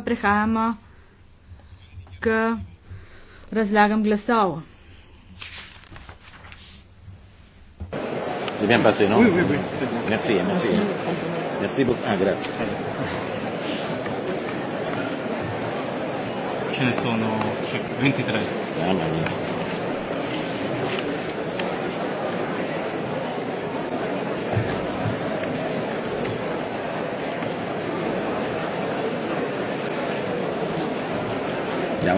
prehajamo k razlagam glasov. Je bien passé, non? Oui, oui, oui. Merci, merci. Merci beaucoup. Ah, grazie. Ce ne sono 23. Ah, ma vie.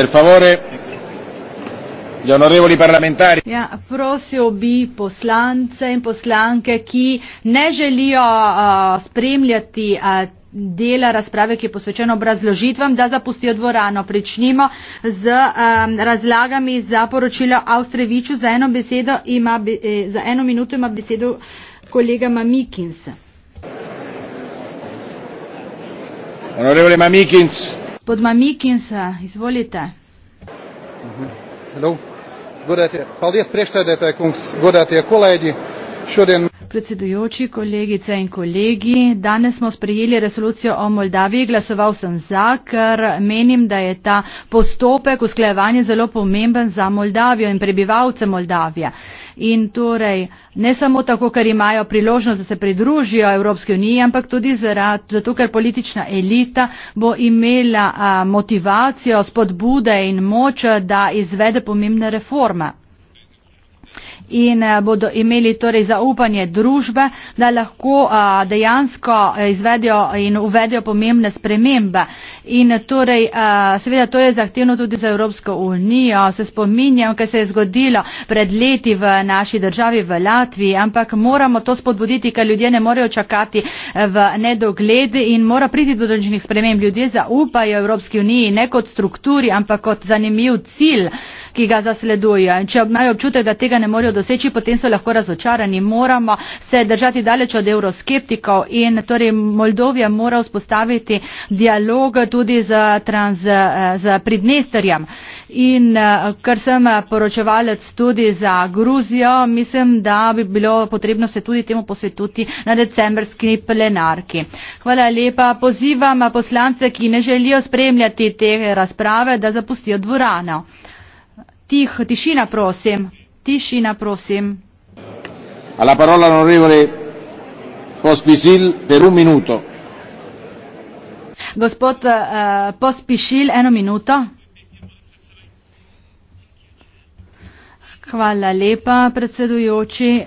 Per favore, gli onorevoli parlamentari. Ja, prosil bi poslance in poslanke, ki ne želijo uh, spremljati uh, dela razprave, ki je posvečena obrazložitvam, da zapustijo dvorano. Pričnimo z um, razlagami za poročilo Avstreviču. Za eno, besedo ima, eh, za eno minuto ima besedo kolega Mamikins. Onorevole Mamikins. Gospod Mamikinsa, izvolite. Mhm. Godētie, paldies priekšsēdētāji kungs, godētie kolēģi. Šodien predsedujoči, kolegice in kolegi. Danes smo sprejeli resolucijo o Moldaviji. Glasoval sem za, ker menim, da je ta postopek usklajevanja zelo pomemben za Moldavijo in prebivalce Moldavije. In torej ne samo tako, ker imajo priložnost, da se pridružijo Evropske unije, ampak tudi zarad, zato, ker politična elita bo imela a, motivacijo, spodbude in moč, da izvede pomembne reforme in eh, bodo imeli torej zaupanje družbe, da lahko eh, dejansko eh, izvedijo in uvedijo pomembne spremembe. In torej, seveda to je zahtevno tudi za Evropsko unijo. Se spominjam, kaj se je zgodilo pred leti v naši državi v Latviji, ampak moramo to spodbuditi, ker ljudje ne morejo čakati v nedogled in mora priti do določenih sprememb. Ljudje zaupajo Evropski uniji ne kot strukturi, ampak kot zanimiv cilj ki ga zasledujejo. In če imajo občutek, da tega ne morejo doseči, potem so lahko razočarani. Moramo se držati daleč od euroskeptikov in torej Moldovija mora vzpostaviti dialog tudi z, trans, eh, z pridnesterjem. In eh, ker sem poročevalec tudi za Gruzijo, mislim, da bi bilo potrebno se tudi temu posvetuti na decembrski plenarki. Hvala lepa. Pozivam poslance, ki ne želijo spremljati te razprave, da zapustijo dvorano. Tih, tišina prosim, tišina prosim. Alla parola onorevole Pospisil per un minuto. Gospod uh, Pospisil, eno minuto. Hvala lepa, predsedujoči. Eh,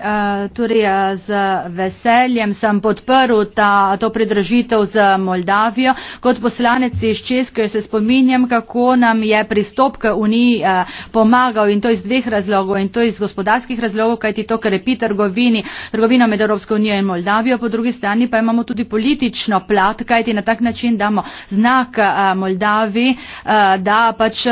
torej, eh, z veseljem sem podprl ta, to pridržitev z Moldavijo. Kot poslanec iz Česke se spominjam, kako nam je pristop k Uniji eh, pomagal in to iz dveh razlogov in to iz gospodarskih razlogov, kajti to krepi trgovini, trgovino med Evropsko unijo in Moldavijo, po drugi strani pa imamo tudi politično plat, kajti na tak način damo znak Moldaviji, da pač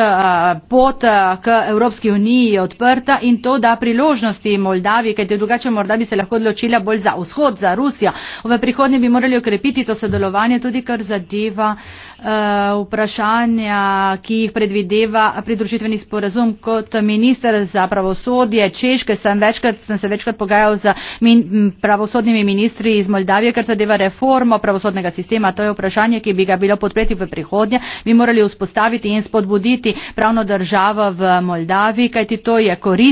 pot k Evropski uniji je odprta in to da priložnosti Moldaviji, kajte drugače morda bi se lahko odločila bolj za vzhod, za Rusijo. V prihodnje bi morali okrepiti to sodelovanje tudi kar zadeva uh, vprašanja, ki jih predvideva pridružitveni sporazum kot minister za pravosodje Češke. Sem, večkrat, sem se večkrat pogajal z min, pravosodnimi ministri iz Moldavije, kar zadeva reformo pravosodnega sistema. To je vprašanje, ki bi ga bilo podpreti v prihodnje. Bi morali vzpostaviti in spodbuditi pravno državo v Moldaviji, kajti to je korist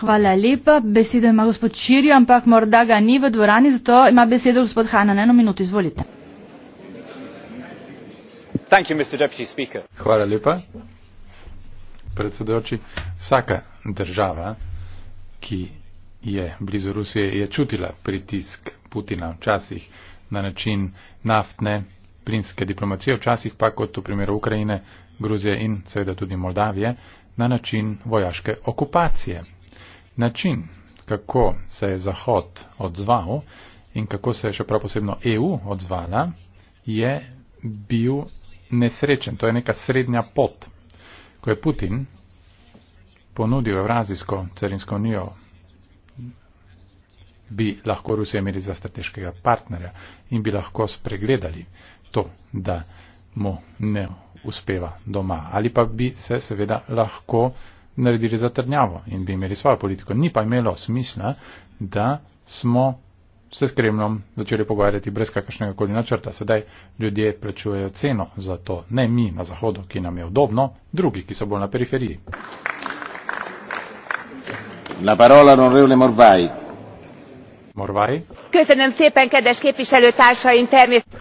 Hvala lepa. Besedo ima gospod Čirjo, ampak morda ga ni v dvorani, zato ima besedo gospod Hanna. Eno minuto, izvolite. Hvala lepa. Predsedujoči, vsaka država, ki je blizu Rusije, je čutila pritisk Putina včasih na način naftne, plinske diplomacije, včasih pa kot v primeru Ukrajine, Gruzije in seveda tudi Moldavije na način vojaške okupacije. Način, kako se je Zahod odzval in kako se je še prav posebno EU odzvala, je bil nesrečen. To je neka srednja pot, ko je Putin ponudil Evrazijsko carinsko unijo bi lahko Rusijo imeli za strateškega partnerja in bi lahko spregledali to, da mu ne uspeva doma. Ali pa bi se seveda lahko naredili zatrnjavo in bi imeli svojo politiko. Ni pa imelo smisla, da smo se s Kremlom začeli pogovarjati brez kakršnega koli načrta. Sedaj ljudje plačujejo ceno za to. Ne mi na Zahodu, ki nam je udobno, drugi, ki so bolj na periferiji. La parola onorevole Morvai. Morvai.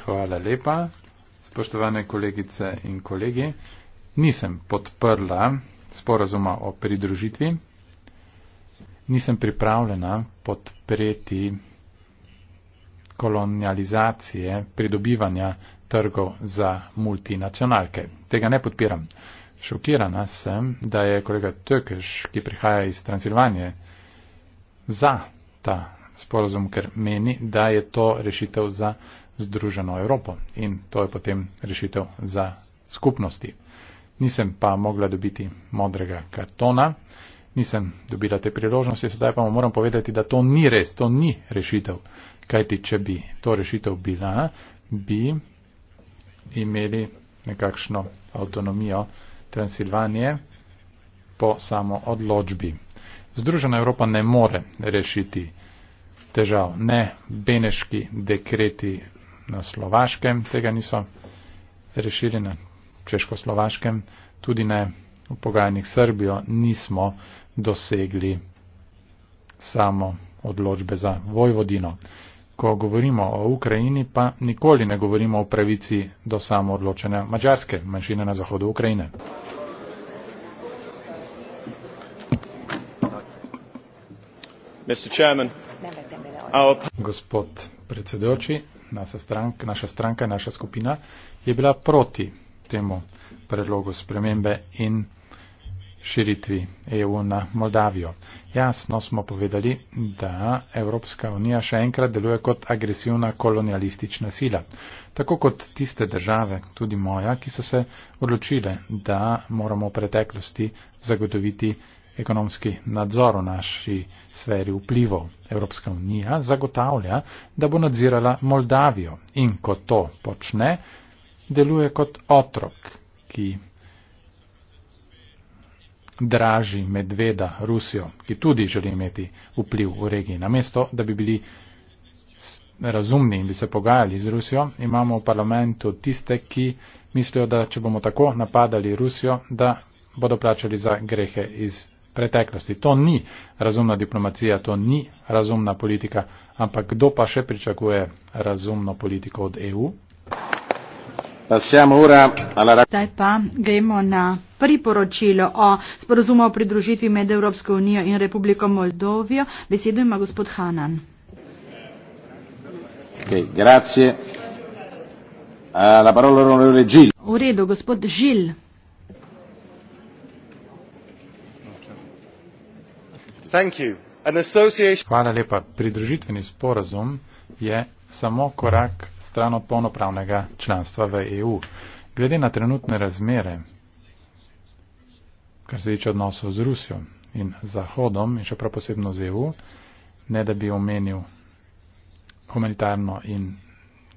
Hvala lepa spoštovane kolegice in kolegi, nisem podprla sporazuma o pridružitvi, nisem pripravljena podpreti kolonializacije pridobivanja trgov za multinacionalke. Tega ne podpiram. Šokirana sem, da je kolega Tökeš, ki prihaja iz Transilvanije, za ta sporozum, ker meni, da je to rešitev za združeno Evropo in to je potem rešitev za skupnosti. Nisem pa mogla dobiti modrega kartona, nisem dobila te priložnosti, sedaj pa moram povedati, da to ni res, to ni rešitev. Kajti, če bi to rešitev bila, bi imeli nekakšno avtonomijo Transilvanije po samo odločbi. Združena Evropa ne more rešiti težav. Ne beneški dekreti na Slovaškem tega niso rešili, na Češko-Slovaškem tudi ne, v pogajanjih Srbijo nismo dosegli samo odločbe za Vojvodino. Ko govorimo o Ukrajini, pa nikoli ne govorimo o pravici do samo odločene mađarske manjšine na zahodu Ukrajine. Gospod predsedoči, naša stranka, naša stranka, naša skupina, je bila proti temu predlogu spremembe in širitvi EU na Moldavijo. Jasno smo povedali, da Evropska unija še enkrat deluje kot agresivna kolonialistična sila. Tako kot tiste države, tudi moja, ki so se odločile, da moramo v preteklosti zagotoviti ekonomski nadzor v naši sferi vplivov. Evropska unija zagotavlja, da bo nadzirala Moldavijo in ko to počne, deluje kot otrok, ki draži medveda Rusijo, ki tudi želi imeti vpliv v regiji. Namesto, da bi bili razumni in bi se pogajali z Rusijo, imamo v parlamentu tiste, ki mislijo, da če bomo tako napadali Rusijo, da bodo plačali za grehe iz preteklosti. To ni razumna diplomacija, to ni razumna politika, ampak kdo pa še pričakuje razumno politiko od EU? Zdaj pa gremo na priporočilo o sporozumu o pridružitvi med Evropsko unijo in Republiko Moldovijo. Besedo ima gospod Hanan. Okay, ah, v redu, gospod Žil. Hvala lepa. Pridružitveni sporazum je samo korak stran od polnopravnega članstva v EU. Glede na trenutne razmere, kar se tiče odnosov z Rusijo in Zahodom in še prav posebno z EU, ne da bi omenil humanitarno in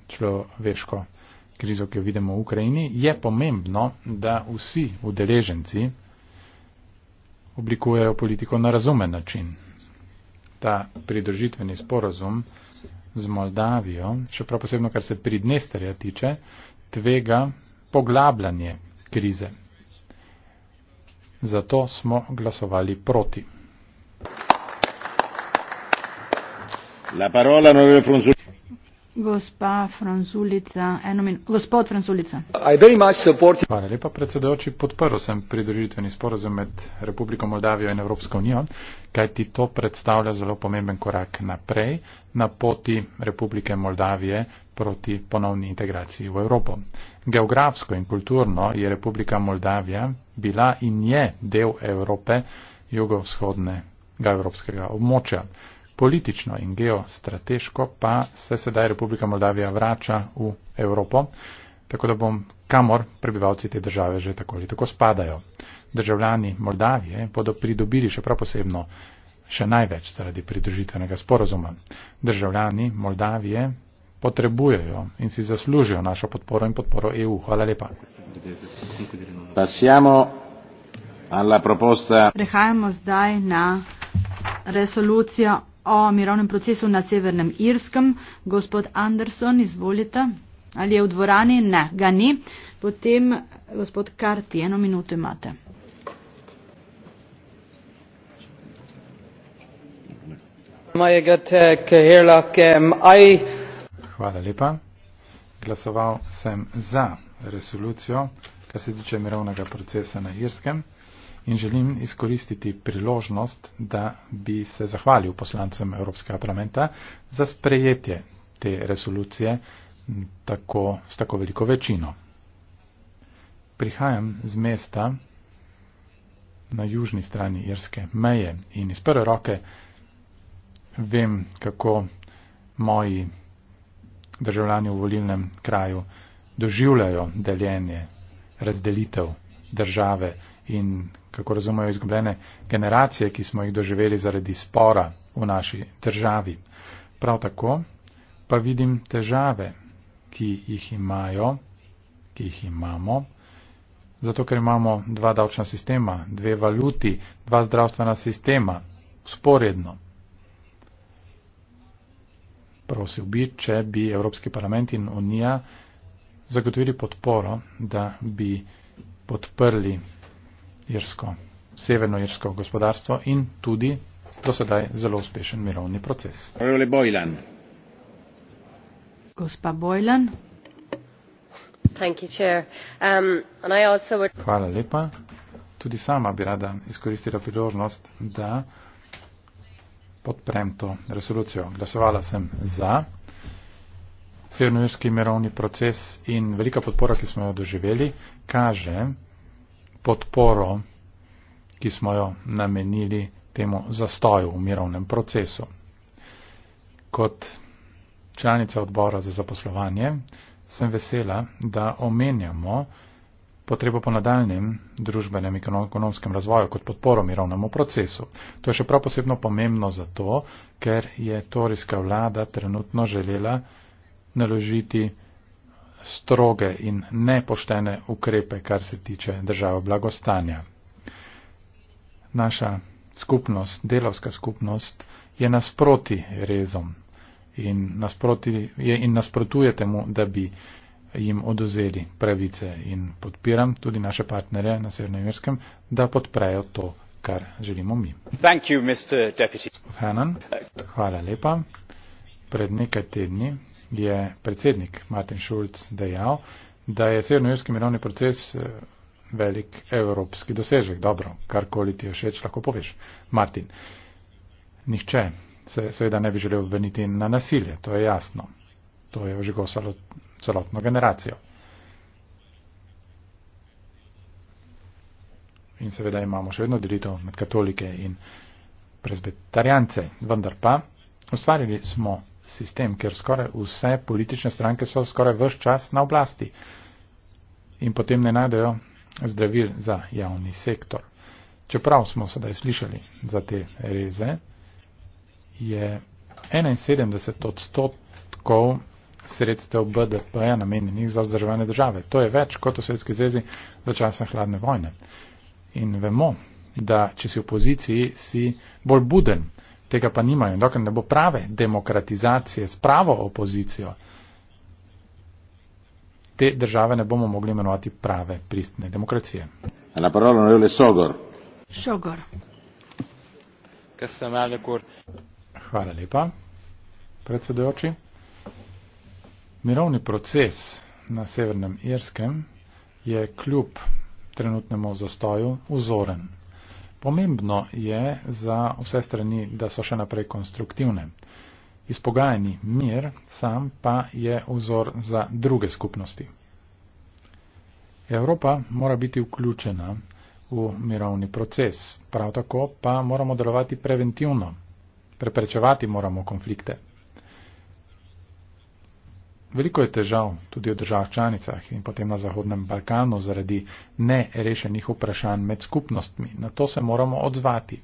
človeško krizo, ki jo vidimo v Ukrajini, je pomembno, da vsi udeleženci, oblikujejo politiko na razumen način. Ta pridržitveni sporozum z Moldavijo, še prav posebno, kar se pridnesterja tiče, tvega poglabljanje krize. Zato smo glasovali proti. La parola non è frunzulata. Gospod Franzulica. Hvala lepa, predsedoči. Podprl sem pridružitveni sporozum med Republiko Moldavijo in Evropsko unijo, kaj ti to predstavlja zelo pomemben korak naprej na poti Republike Moldavije proti ponovni integraciji v Evropo. Geografsko in kulturno je Republika Moldavija bila in je del Evrope, jugovzhodnega evropskega območja politično in geostrateško pa se sedaj Republika Moldavija vrača v Evropo, tako da bom kamor prebivalci te države že tako ali tako spadajo. Državljani Moldavije bodo pridobili še prav posebno še največ zaradi pridružitvenega sporozuma. Državljani Moldavije potrebujejo in si zaslužijo našo podporo in podporo EU. Hvala lepa. Prehajamo zdaj na resolucijo o mirovnem procesu na Severnem Irskem. Gospod Anderson, izvolite. Ali je v dvorani? Ne, ga ni. Potem, gospod Karti, eno minuto imate. Hvala lepa. Glasoval sem za resolucijo, kar se tiče mirovnega procesa na Irskem in želim izkoristiti priložnost, da bi se zahvalil poslancem Evropskega parlamenta za sprejetje te resolucije tako, s tako veliko večino. Prihajam z mesta na južni strani irske meje in iz prve roke vem, kako moji državljani v volilnem kraju doživljajo deljenje, razdelitev države in kako razumejo izgubljene generacije, ki smo jih doživeli zaradi spora v naši državi. Prav tako pa vidim težave, ki jih imajo, ki jih imamo, zato ker imamo dva davčna sistema, dve valuti, dva zdravstvena sistema, sporedno. Prosil bi, če bi Evropski parlament in Unija zagotovili podporo, da bi podprli irsko, severno irsko gospodarstvo in tudi do sedaj zelo uspešen mirovni proces. Gospa Bojlan. Um, Hvala lepa. Tudi sama bi rada izkoristila priložnost, da podprem to resolucijo. Glasovala sem za severnojerski mirovni proces in velika podpora, ki smo jo doživeli, kaže, podporo, ki smo jo namenili temu zastoju v mirovnem procesu. Kot članica odbora za zaposlovanje sem vesela, da omenjamo potrebo po nadaljem družbenem in ekonomskem razvoju kot podporo mirovnemu procesu. To je še prav posebno pomembno zato, ker je toriska vlada trenutno želela naložiti stroge in nepoštene ukrepe, kar se tiče države blagostanja. Naša skupnost, delovska skupnost, je nasproti rezom in, nasproti, je, in nasprotuje temu, da bi jim oduzeli pravice in podpiram tudi naše partnere na Severnojerskem, da podprejo to, kar želimo mi. Hanan, hvala lepa. Pred nekaj tedni je predsednik Martin Schulz dejal, da je severnojerski mirovni proces eh, velik evropski dosežek. Dobro, karkoli ti je všeč, lahko poveš. Martin, nihče se seveda ne bi želel obveniti na nasilje, to je jasno. To je ožigosalo celotno generacijo. In seveda imamo še vedno delitev med katolike in prezbetarjance, vendar pa ustvarili smo sistem, ker skoraj vse politične stranke so skoraj vse čas na oblasti in potem ne najdejo zdravil za javni sektor. Čeprav smo sedaj slišali za te reze, je 71 odstotkov sredstev BDP-ja namenjenih za vzdrževanje države. To je več kot v Sovjetski zvezi za časa hladne vojne. In vemo, da če si v poziciji, si bolj buden tega pa nimajo. Dokler ne bo prave demokratizacije s pravo opozicijo, te države ne bomo mogli imenovati prave pristne demokracije. Hvala lepa, predsedojoči. Mirovni proces na Severnem Irskem je kljub trenutnemu zastoju vzoren. Pomembno je za vse strani, da so še naprej konstruktivne. Izpogajani mir sam pa je vzor za druge skupnosti. Evropa mora biti vključena v mirovni proces, prav tako pa moramo delovati preventivno. Preprečevati moramo konflikte. Veliko je težav tudi v držav članicah in potem na Zahodnem Balkanu zaradi nerešenih vprašanj med skupnostmi. Na to se moramo odzvati.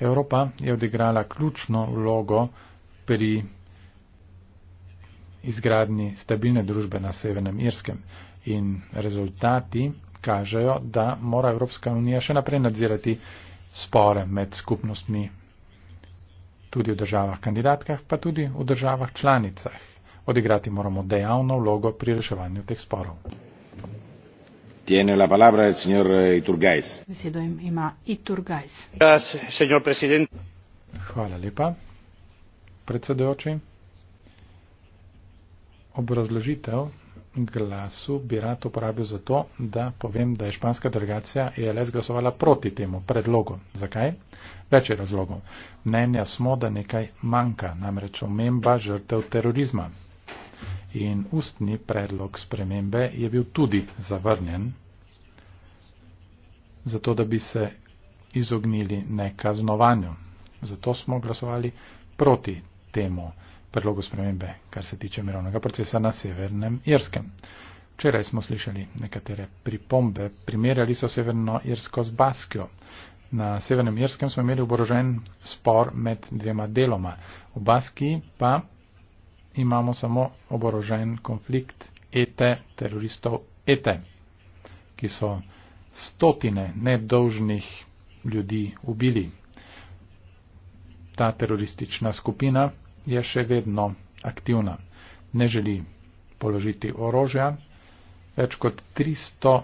Evropa je odigrala ključno vlogo pri izgradni stabilne družbe na Severnem Irskem in rezultati kažejo, da mora Evropska unija še naprej nadzirati spore med skupnostmi, tudi v državah kandidatkah, pa tudi v državah članicah. Odigrati moramo dejavno vlogo pri reševanju teh sporov. Tiene la palabra el señor eh, Iturgais. Gracias, señor presidente. Hvala lepa, predsedujoči. Obrazložitev glasu bi rad uporabil zato, da povem, da je španska delegacija ELS glasovala proti temu predlogu. Zakaj? Več je razlogov. Mnenja smo, da nekaj manjka, namreč omemba žrtev terorizma in ustni predlog spremembe je bil tudi zavrnjen, zato da bi se izognili nekaznovanju. Zato smo glasovali proti temu predlogu spremembe, kar se tiče mirovnega procesa na Severnem Irskem. Včeraj smo slišali nekatere pripombe, primerjali so Severno Irsko z Baskijo. Na Severnem Irskem smo imeli oborožen spor med dvema deloma, v Baskiji pa imamo samo oborožen konflikt ete, teroristov ete, ki so stotine nedolžnih ljudi ubili. Ta teroristična skupina je še vedno aktivna. Ne želi položiti orožja, več kot 300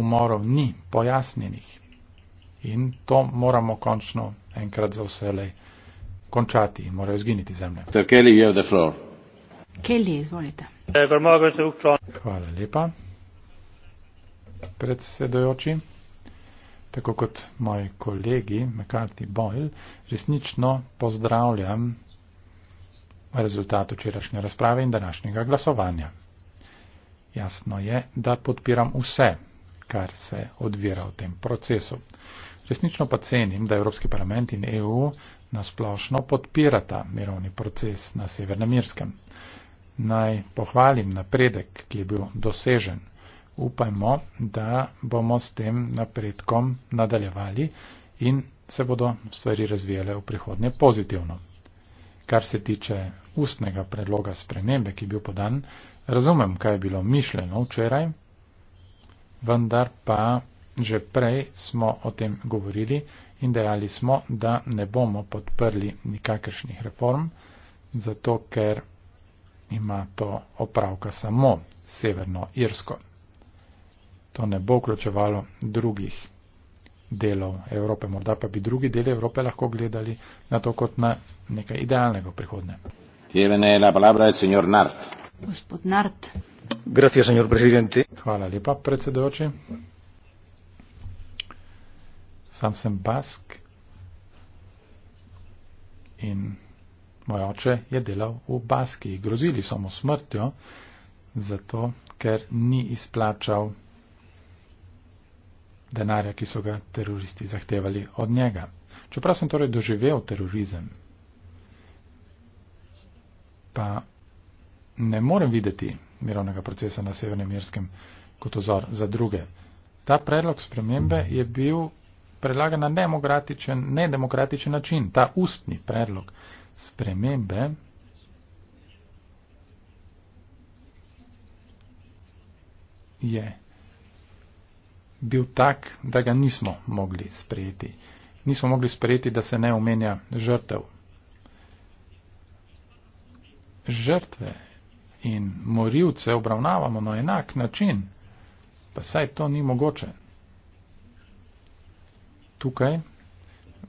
umorov ni pojasnjenih. In to moramo končno enkrat za vselej končati. Morajo zginiti zemlje. Sir Kelly, you have the floor. Kelly, izvolite. Hvala lepa, predsedojoči. Tako kot moji kolegi McCarthy Boyle, resnično pozdravljam rezultat včerajšnje razprave in današnjega glasovanja. Jasno je, da podpiram vse, kar se odvira v tem procesu. Resnično pa cenim, da Evropski parlament in EU nasplošno podpirata mirovni proces na Severnem Irskem naj pohvalim napredek, ki je bil dosežen. Upajmo, da bomo s tem napredkom nadaljevali in se bodo stvari razvijale v prihodnje pozitivno. Kar se tiče ustnega predloga spremembe, ki je bil podan, razumem, kaj je bilo mišljeno včeraj, vendar pa že prej smo o tem govorili in dejali smo, da ne bomo podprli nikakršnih reform, zato ker ima to opravka samo Severno Irsko. To ne bo vključevalo drugih delov Evrope, morda pa bi drugi deli Evrope lahko gledali na to kot na nekaj idealnega v prihodnje. Hvala lepa, predsedojoči. Sam sem Bask in Moj oče je delal v baski, grozili so mu smrtjo, zato ker ni izplačal denarja, ki so ga teroristi zahtevali od njega. Čeprav sem torej doživel terorizem, pa ne morem videti mirovnega procesa na Severnem Irskem kot ozor za druge. Ta predlog spremembe je bil predlagan na nedemokratičen način, ta ustni predlog spremembe je bil tak, da ga nismo mogli sprejeti. Nismo mogli sprejeti, da se ne omenja žrtev. Žrtve in morilce obravnavamo na enak način, pa saj to ni mogoče. Tukaj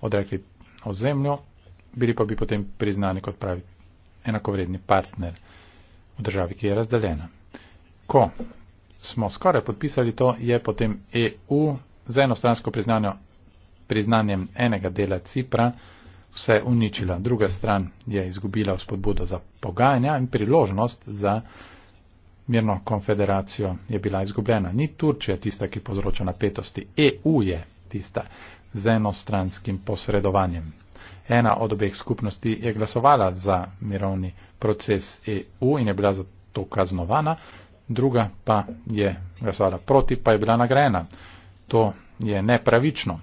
odrekli ozemljo, bili pa bi potem priznani kot pravi enakovredni partner v državi, ki je razdeljena. Ko smo skoraj podpisali to, je potem EU za enostransko priznanje priznanjem enega dela Cipra vse uničila. Druga stran je izgubila spodbudo za pogajanja in priložnost za mirno konfederacijo je bila izgubljena. Ni Turčija tista, ki povzroča napetosti. EU je tista, z enostranskim posredovanjem. Ena od obeh skupnosti je glasovala za mirovni proces EU in je bila zato kaznovana, druga pa je glasovala proti, pa je bila nagrajena. To je nepravično.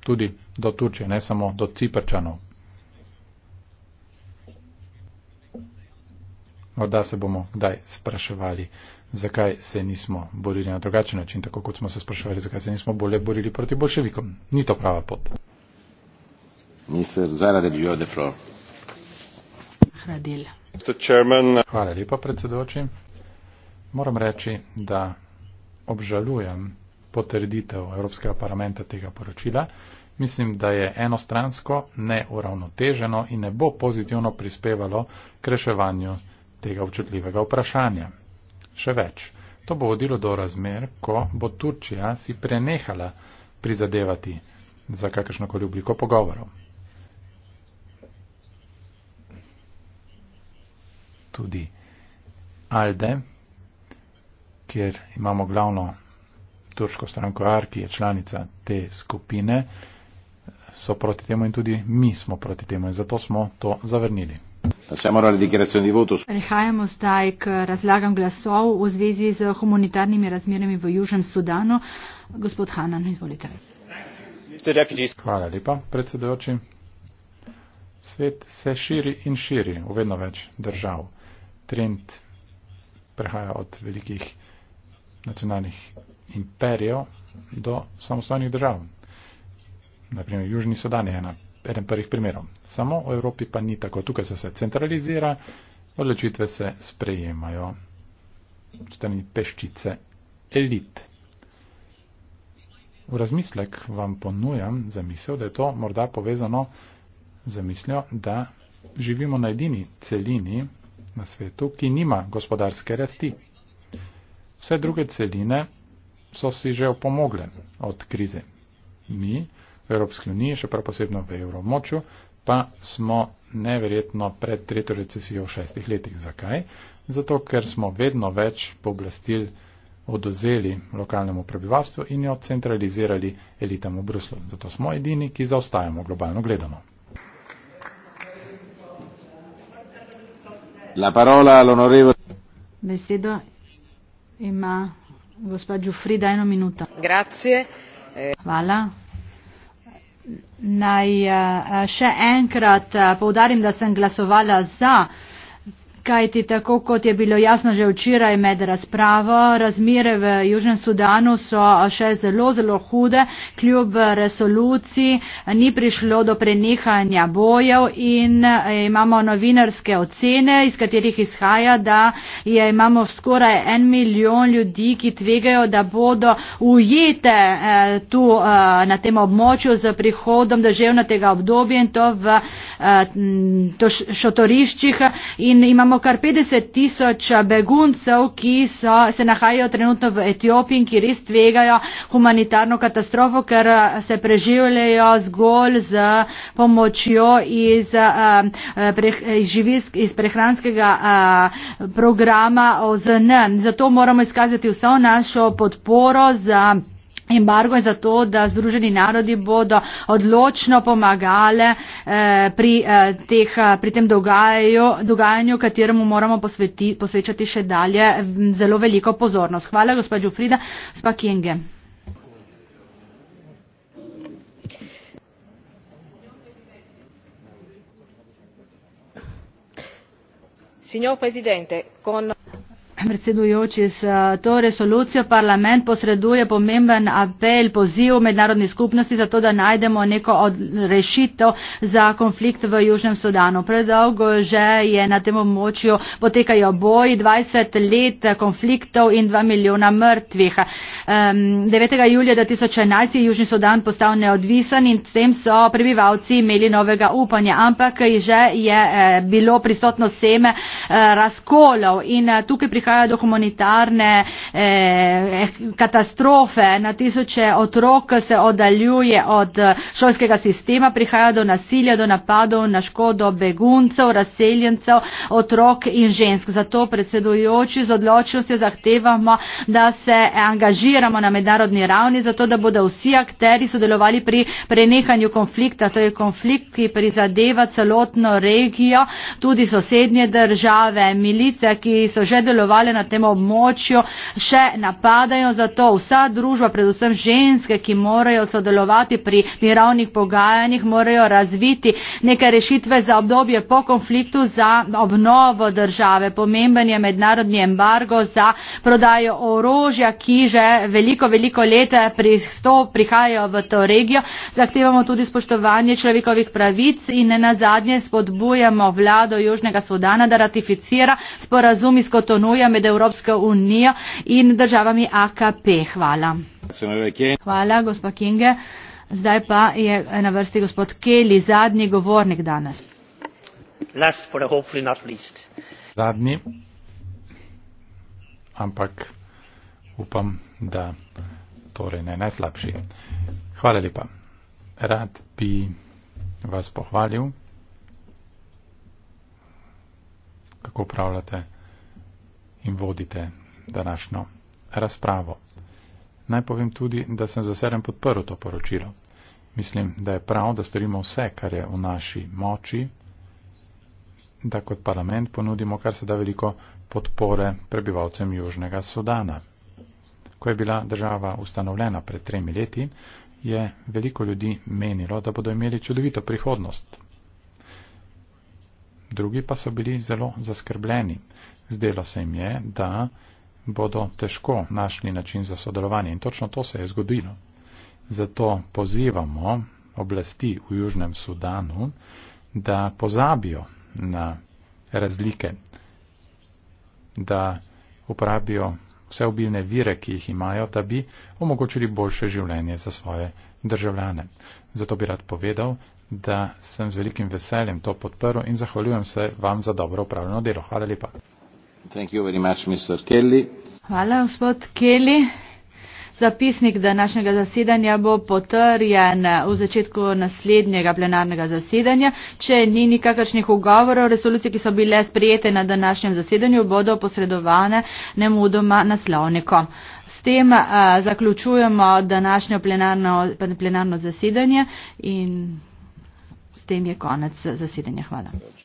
Tudi do Turčije, ne samo do Ciprčanov. Morda se bomo kdaj spraševali, zakaj se nismo borili na drugačen način, tako kot smo se spraševali, zakaj se nismo bolje borili proti bolševikom. Ni to prava pot. Hvala lepa, predsedoči. Moram reči, da obžalujem potrditev Evropskega parlamenta tega poročila. Mislim, da je enostransko, neuravnoteženo in ne bo pozitivno prispevalo k reševanju tega občutljivega vprašanja. Še več, to bo vodilo do razmer, ko bo Turčija si prenehala prizadevati za kakršnokoli obliko pogovorov. Tudi Alde, kjer imamo glavno turško stranko AR, ki je članica te skupine, so proti temu in tudi mi smo proti temu in zato smo to zavrnili. Samo ali dikiracijo ni voto. Prehajamo zdaj k razlagam glasov v zvezi z humanitarnimi razmerami v Južnem Sudanu. Gospod Hanan, izvolite. Hvala lepa, predsedujoči. Svet se širi in širi v vedno več držav. Trend prehaja od velikih nacionalnih imperijev do samostojnih držav. Naprimer, Južni Sudan je ena eden prvih primerov. Samo v Evropi pa ni tako. Tukaj se vse centralizira, odločitve se sprejemajo strani peščice elit. V razmislek vam ponujam za misel, da je to morda povezano z mislijo, da živimo na edini celini na svetu, ki nima gospodarske rasti. Vse druge celine so si že opomogle od krize. Mi v Evropski uniji, še prav posebno v evromočju, pa smo neverjetno pred tretjo recesijo v šestih letih. Zakaj? Zato, ker smo vedno več pooblastil odozeli lokalnemu prebivalstvu in jo centralizirali elitam v Bruslu. Zato smo edini, ki zaostajamo globalno gledano. Besedo ima gospod Žufrida eno minuto. Grazie. Hvala naj eh, še enkrat eh, povdarim, da sem glasovala za Kaj ti tako, kot je bilo jasno že včeraj med razpravo, razmere v Južnem Sudanu so še zelo, zelo hude. Kljub resoluciji ni prišlo do prenehanja bojev in eh, imamo novinarske ocene, iz katerih izhaja, da je, imamo skoraj en milijon ljudi, ki tvegajo, da bodo ujete eh, tu eh, na tem območju z prihodom državnega obdobja in to v eh, to šotoriščih. In imamo imamo kar 50 tisoč beguncev, ki so, se nahajajo trenutno v Etiopiji in ki res tvegajo humanitarno katastrofo, ker eh, se preživljajo zgolj z pomočjo iz, eh, eh, iz, živis, iz prehranskega programa OZN. Zato moramo izkazati vso našo podporo za. Embargo je zato, da Združeni narodi bodo odločno pomagale eh, pri, eh, teh, eh, pri tem dogajanju, dogajanju kateremu moramo posveti, posvečati še dalje zelo veliko pozornost. Hvala, gospod Žufrida. Gospa Kienge. Signor Presidente, con predsedujoči, s to resolucijo parlament posreduje pomemben apel, poziv mednarodni skupnosti za to, da najdemo neko rešitev za konflikt v Južnem Sudanu. Predolgo že je na tem območju potekajo boji, 20 let konfliktov in 2 milijona mrtvih. 9. julija 2011 je Južni Sudan postal neodvisen in s tem so prebivalci imeli novega upanja, ampak že je eh, bilo prisotno seme eh, razkolov in eh, tukaj prihaja tragedo humanitarne, eh, katastrofe, na tisoče otrok se oddaljuje od šolskega sistema, prihaja do nasilja, do napadov na škodo beguncev, razseljencev, otrok in žensk. Zato predsedujoči z odločnostjo zahtevamo, da se angažiramo na mednarodni ravni, zato da bodo vsi akteri sodelovali pri prenehanju konflikta. To je konflikt, ki prizadeva celotno regijo, tudi sosednje države, milice, ki so že delovali živali na tem območju še napadajo, zato vsa družba, predvsem ženske, ki morajo sodelovati pri mirovnih pogajanjih, morajo razviti neke rešitve za obdobje po konfliktu za obnovo države. Pomemben je mednarodni embargo za prodajo orožja, ki že veliko, veliko let prihajajo v to regijo. Zahtevamo tudi spoštovanje človekovih pravic in ne nazadnje spodbujamo vlado Južnega Sudana, da ratificira sporazum iz Kotonuja med Evropsko unijo in državami AKP. Hvala. Hvala, gospod Kinge. Zdaj pa je na vrsti gospod Kelly, zadnji govornik danes. Zadnji, ampak upam, da torej ne najslabši. Hvala lepa. Rad bi vas pohvalil, kako pravljate in vodite današnjo razpravo. Naj povem tudi, da sem za sedem podprl to poročilo. Mislim, da je prav, da storimo vse, kar je v naši moči, da kot parlament ponudimo kar se da veliko podpore prebivalcem Južnega Sudana. Ko je bila država ustanovljena pred tremi leti, je veliko ljudi menilo, da bodo imeli čudovito prihodnost. Drugi pa so bili zelo zaskrbljeni, zdelo se jim je, da bodo težko našli način za sodelovanje. In točno to se je zgodilo. Zato pozivamo oblasti v Južnem Sudanu, da pozabijo na razlike, da uporabijo vse obilne vire, ki jih imajo, da bi omogočili boljše življenje za svoje državljane. Zato bi rad povedal, da sem z velikim veseljem to podprl in zahvaljujem se vam za dobro upravljeno delo. Hvala lepa hvala gospod kelly zapisnik današnjega zasedanja bo potrjen v začetku naslednjega plenarnega zasedanja če ni nikakršnih ugovorov resolucije ki so bile sprejete na današnjem zasedanju bodo posredovane nemudoma naslovnikom s tem a, zaključujemo današnjo plenarno, plenarno zasedanje in s tem je konec zasedanja hvala